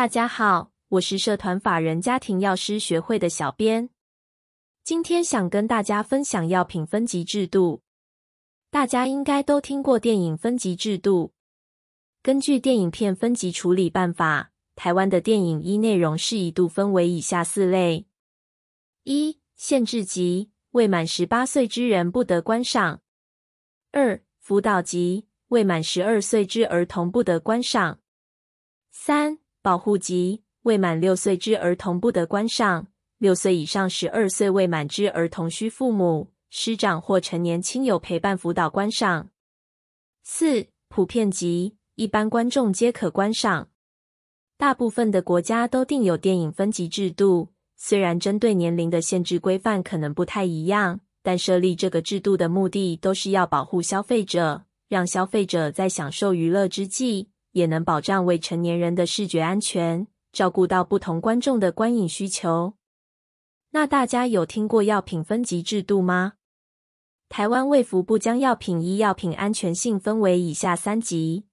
大家好，我是社團法人家庭藥師學會的小編，今天想跟大家分享藥品分級制度。大家應該都聽過電影分級制度。根據電影片分級處理辦法，台灣的電影依內容適宜度分為以下四類：一、限制級，未滿十八歲之人不得觀賞；二、輔導級，未滿十二歲之兒童不得觀賞；三、保護級，未滿六歲之兒童不得觀賞，六歲以上十二歲未滿之兒童需父母、師長或成年親友陪伴輔導觀賞。四、普遍級，一般觀眾皆可觀賞。大部分的國家都訂有電影分級制度，雖然針對年齡的限制規範可能不太一樣，但設立這個制度的目的都是要保護消費者，讓消費者在享受娛樂之際，也能保障未成年人的視覺安全，照顧到不同觀眾的觀影需求。那大家有聽過藥品分級制度嗎？台灣衛福部將藥品依藥品安全性分為以下三級：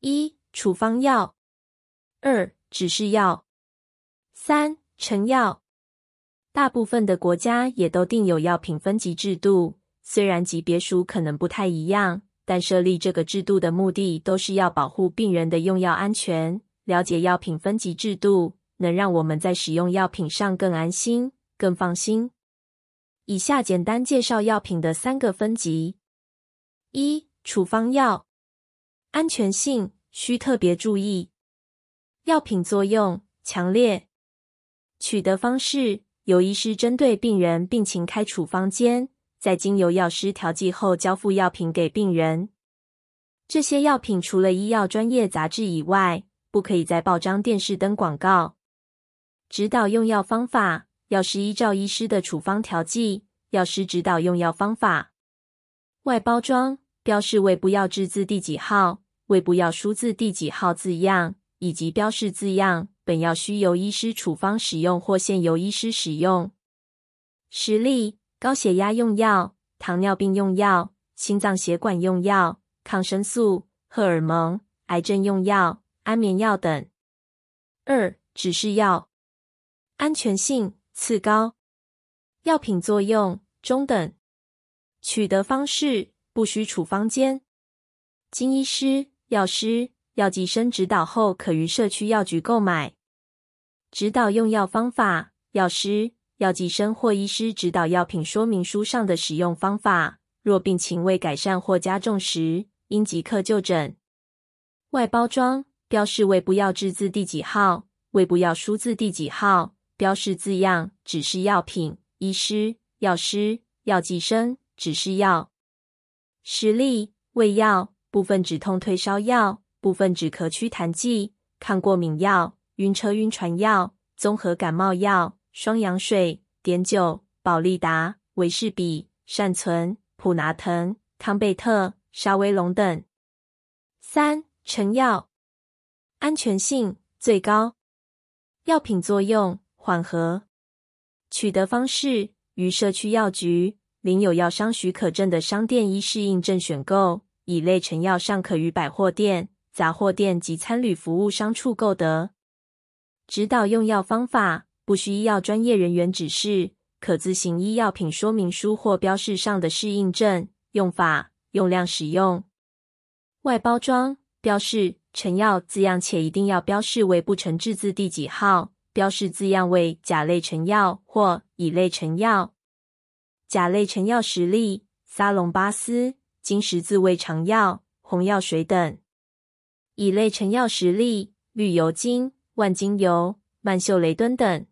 一、處方藥；二、指示藥；三、成藥。大部分的國家也都訂有藥品分級制度，雖然級別數可能不太一樣。但設立這個制度的目的都是要保護病人的用藥安全。了解藥品分級制度，能讓我們在使用藥品上更安心、更放心。以下簡單介紹藥品的三個分級：一、處方藥，安全性需特別注意，藥品作用強烈，取得方式由醫師針對病人病情開處方箋。在經由藥師調劑後，交付藥品給病人。這些藥品除了醫藥專業雜誌以外，不可以在報章、電視登廣告。指導用藥方法，藥師依照醫師的處方調劑。藥師指導用藥方法。外包裝標示為「衛部藥製字第幾號」、「衛部藥輸字第幾號」字樣，以及標示字樣“本藥需由醫師處方使用或限由醫師使用”。實例。高血壓用藥、糖尿病用藥、心臟血管用藥、抗生素、荷爾蒙、癌症用藥、安眠藥等。二、指示藥安全性次高，藥品作用中等，取得方式不需處方箋，經醫師、藥師、藥劑生指導後，可於社區藥局購買。指導用藥方法，藥師。藥劑生或醫師指導藥品說明書上的使用方法。若病情未改善或加重時，應即刻就診。外包裝標示為“衛部藥製字第幾號”，“衛部藥輸字第幾號”。標示字樣指示藥品、醫師、藥師、藥劑生指示藥。實例：胃藥部分止痛退燒藥，部分止咳祛痰劑，抗過敏藥，暈車暈船藥，綜合感冒藥。雙氧水、碘酒、保利達、維士比、善存、普拿疼、康貝特、沙威龍等。三成藥安全性最高，藥品作用緩和。取得方式於社區藥局、領有藥商許可證的商店依適應症選購。乙類成藥尚可於百貨店、雜貨店及餐旅服務商處購得。指導用藥方法。不需醫藥專業人員指示，可自行依藥品說明書或標示上的適應症、用法、用量使用。外包裝標示成藥字樣，且一定要標示為“不成製字第幾號”，標示字樣為“甲類成藥”或“乙類成藥”。甲類成藥實例：撒隆巴斯、金十字胃腸藥、紅藥水等；乙類成藥實例：綠油精、萬金油、曼秀雷敦等。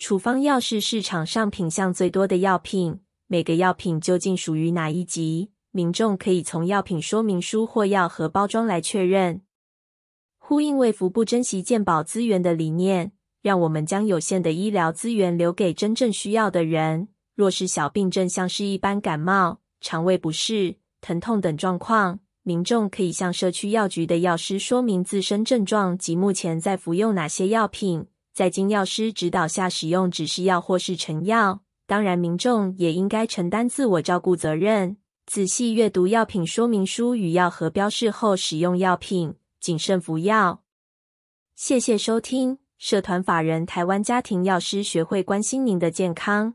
處方藥是市場上品項最多的藥品。每個藥品究竟屬於哪一級，民眾可以從藥品說明書或藥盒包裝來確認。呼應衛福部珍惜健保資源的理念，讓我們將有限的醫療資源留給真正需要的人。若是小病症，像是一般感冒、腸胃不適、疼痛等狀況，民眾可以向社區藥局的藥師說明自身症狀及目前在服用哪些藥品。在經藥師指導下使用指示藥或是成藥，當然民眾也應該承擔自我照顧責任，仔細閱讀藥品說明書與藥盒標示後使用藥品，謹慎服藥。謝謝收聽，社團法人台灣家庭藥師學會關心您的健康。